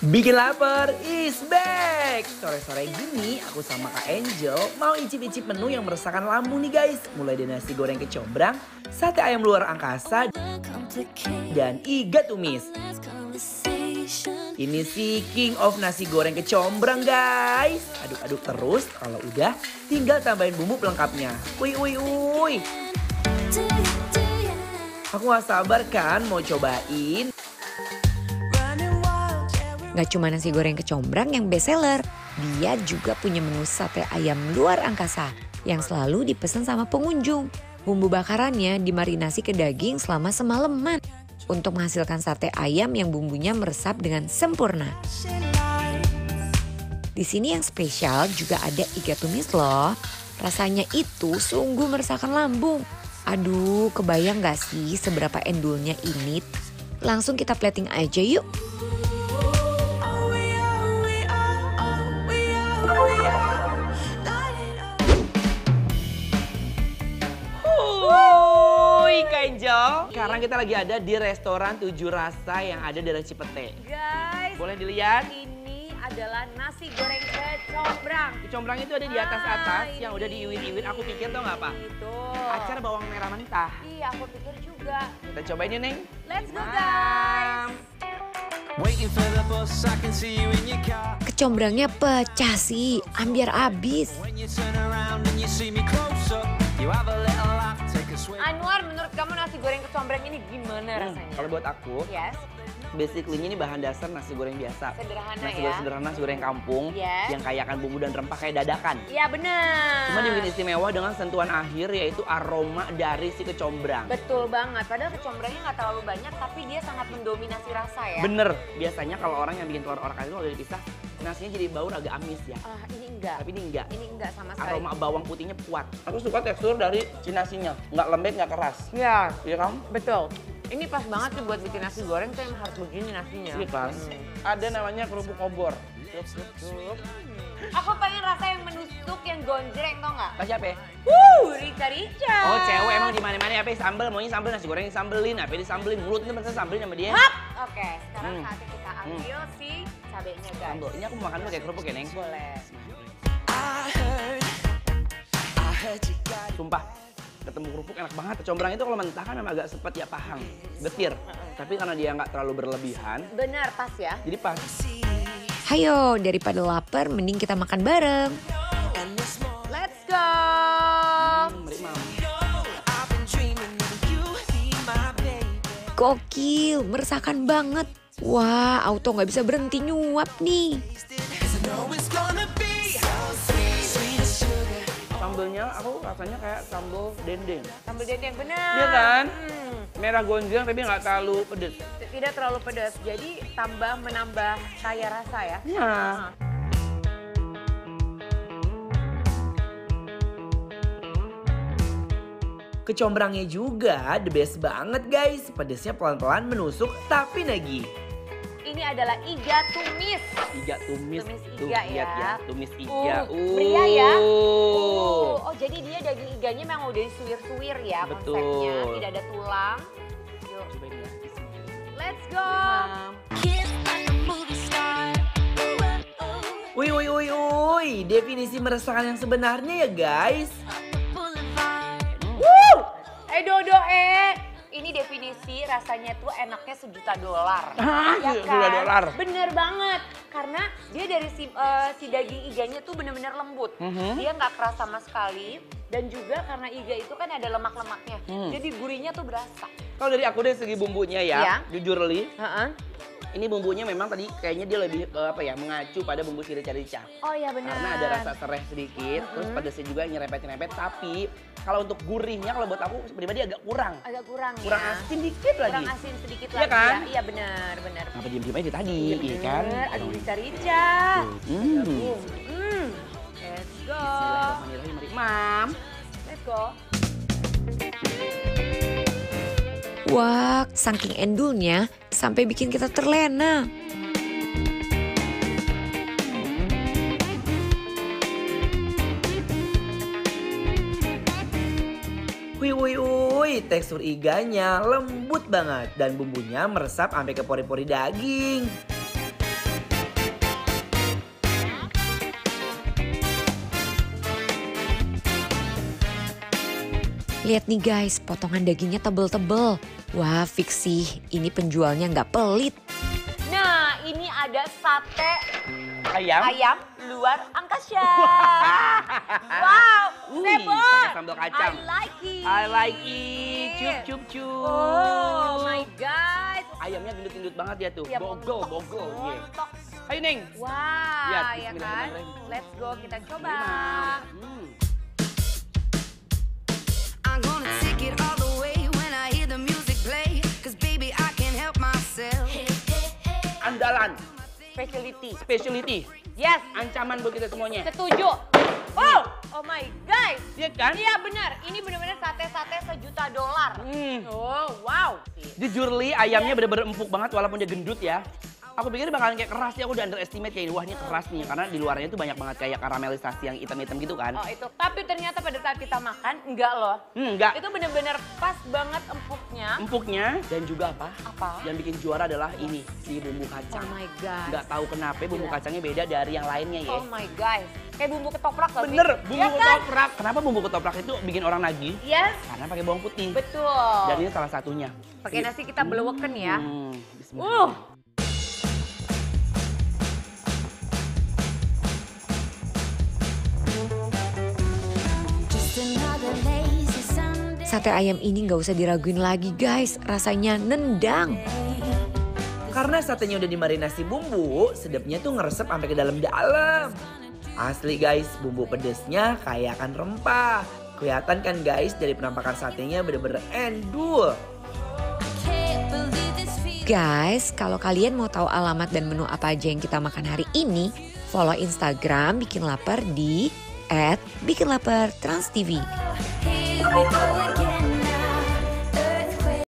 Bikin lapar is back! Sore-sore gini aku sama Kak Angel mau icip-icip menu yang meresahkan lambung nih guys. Mulai dari nasi goreng kecombrang, sate ayam luar angkasa, dan iga tumis. Ini si king of nasi goreng kecombrang guys. Aduk-aduk terus, kalau udah tinggal tambahin bumbu pelengkapnya. Wui wui wui. Aku gak sabar kan mau cobain. Gak cuma nasi goreng kecombrang yang best seller, dia juga punya menu sate ayam luar angkasa yang selalu dipesan sama pengunjung. Bumbu bakarannya dimarinasi ke daging selama semalaman untuk menghasilkan sate ayam yang bumbunya meresap dengan sempurna. Di sini yang spesial juga ada iga tumis loh. Rasanya itu sungguh meresahkan lambung. Aduh, kebayang gak sih seberapa endulnya ini? Langsung kita plating aja yuk. Sekarang kita lagi ada di restoran Tujuh Rasa yang ada di Cipete. Guys, boleh dilihat? Ini adalah nasi goreng kecombrang. Kecombrang itu ada di atas ah, atas ah, yang udah diiwin-iwin. Aku pikir tau nggak apa. Itu. Acar bawang merah mentah. Iya, aku pikir juga. Kita cobain ya, Neng. Let's go guys. Kecombrangnya pecah sih, ambiar abis. Anwar, menurut kamu nasi goreng kecombrang ini gimana hmm, rasanya? Kalau buat aku, yes. basically ini bahan dasar nasi goreng biasa. Sederhana nasi ya? Goreng sederhana, nasi goreng kampung yes. yang kaya akan bumbu dan rempah kayak dadakan. Iya benar. Cuma dibikin istimewa dengan sentuhan akhir yaitu aroma dari si kecombrang. Betul banget. Padahal kecombrangnya nggak terlalu banyak tapi dia sangat mendominasi rasa ya. Bener. Biasanya kalau orang yang bikin telur orang itu udah dipisah, nasinya jadi bau agak amis ya. Ah, uh, ini enggak. Tapi ini enggak. Ini enggak sama sekali. Aroma bawang putihnya kuat. Aku suka tekstur dari cinasinya, nggak enggak lembek, nggak keras. Iya. Iya kan? Betul. Ini pas banget sih buat bikin nasi goreng tuh yang harus begini nasinya. Ini iya kan? pas. Hmm. Ada namanya kerupuk obor. Aku pengen rasa yang menusuk, yang gonjreng tau gak? Pas siapa ya? Wuh, Rica Rica. Oh cewek emang di mana mana apa ya? sambel, maunya sambel nasi goreng sambelin, apa ya? disambelin itu merasa sambelin sama dia. Hap! Oke, sekarang hmm. saatnya kita hmm. ambil hmm. si cabenya guys. Ini aku makan pakai kerupuk ya neng. Boleh. Sumpah, ketemu kerupuk enak banget. Combrang itu kalau mentah kan memang agak sempat ya pahang, getir. Tapi karena dia nggak terlalu berlebihan. Benar, pas ya. Jadi pas. Hayo, daripada lapar, mending kita makan bareng. Let's go! Hmm, Gokil, meresahkan banget. Wah, auto nggak bisa berhenti nyuap nih. sambelnya aku rasanya kayak sambel dendeng. Sambel dendeng benar. Iya kan? Hmm. Merah gonjang tapi nggak terlalu pedes. Tidak terlalu pedas. Jadi tambah menambah kaya rasa ya. Iya. Hmm. Kecombrangnya juga the best banget guys. Pedesnya pelan-pelan menusuk tapi nagih ini adalah iga tumis. Iga tumis. Tumis iga ya. ya. tumis uh, iga. Ya. Uh, uh. Pria ya iganya memang udah suwir-suwir ya Betul. konsepnya, tidak ada tulang. Yuk. Cobain ya. Let's go. Woi woi woi woi, definisi meresahkan yang sebenarnya ya guys. Woo! Eh Dodo eh ini definisi rasanya tuh enaknya sejuta dolar. Hah, ya kan? dolar. Bener banget. Karena dia dari si, uh, si daging iganya tuh bener-bener lembut. Mm -hmm. Dia nggak keras sama sekali. Dan juga karena iga itu kan ada lemak-lemaknya. Mm. Jadi gurinya tuh berasa. Kalau dari aku dari segi bumbunya ya, ya. jujur Li, uh -uh ini bumbunya memang tadi kayaknya dia lebih uh, apa ya mengacu pada bumbu sirih rica Oh iya benar. Karena ada rasa serai sedikit, mm-hmm. terus pedasnya juga nyerempet-nyerempet. Tapi kalau untuk gurihnya kalau buat aku pribadi agak kurang. Agak kurang. Kurang ya. asin dikit kurang lagi. Kurang asin sedikit iya lagi. Iya kan? Iya benar benar. Apa diem-diem aja tadi? Iya, iya kan? Ada sirica-rica. Hmm. Hmm. Let's go. Mam. Let's go. Wah, saking endulnya sampai bikin kita terlena. Wih, wih, wih, tekstur iganya lembut banget dan bumbunya meresap sampai ke pori-pori daging. Lihat nih guys, potongan dagingnya tebel-tebel. Wah fix sih, ini penjualnya nggak pelit. Nah ini ada sate ayam, ayam luar angkasa. wow, Sebon. Sambal kacang. I like it. I like it. Cup, cup, cup. Oh my God. Ayamnya gendut-gendut banget ya tuh. Ya, bogo, bogo. Semua, iya. yeah. Ayo Neng. wow, ya, ya kan. Let's go, kita coba. Hmm. speciality. Speciality. Yes. Ancaman buat kita semuanya. Setuju. Oh, Oh my guys. Iya kan? Iya benar. Ini benar-benar sate-sate sejuta dolar. Hmm. Oh wow. Jujur li ayamnya benar-benar empuk banget walaupun dia gendut ya aku pikir bakalan kayak keras sih aku udah underestimate kayak wah ini keras nih karena di luarnya tuh banyak banget kayak karamelisasi yang hitam-hitam gitu kan. Oh itu. Tapi ternyata pada saat kita makan enggak loh. Hmm, enggak. Itu bener-bener pas banget empuknya. Empuknya dan juga apa? Apa? Yang bikin juara adalah ini si bumbu kacang. Oh my god. Enggak tahu kenapa bumbu Gila. kacangnya beda dari yang lainnya ya. Oh my god. Kayak bumbu ketoprak loh. Bener, bumbu ya kan? ketoprak. Kenapa bumbu ketoprak itu bikin orang nagih? Yes. Karena pakai bawang putih. Betul. Dan ini salah satunya. Pakai nasi kita belewekan ya. Hmm, bismillah. Uh. Sate ayam ini nggak usah diraguin lagi guys, rasanya nendang. Karena satenya udah dimarinasi bumbu, sedapnya tuh ngeresep sampai ke dalam-dalam. Asli guys, bumbu pedesnya kayak akan rempah. Kelihatan kan guys dari penampakan satenya bener-bener endul. Guys, kalau kalian mau tahu alamat dan menu apa aja yang kita makan hari ini, follow Instagram Bikin Lapar di @bikinlapartransTV. we go again.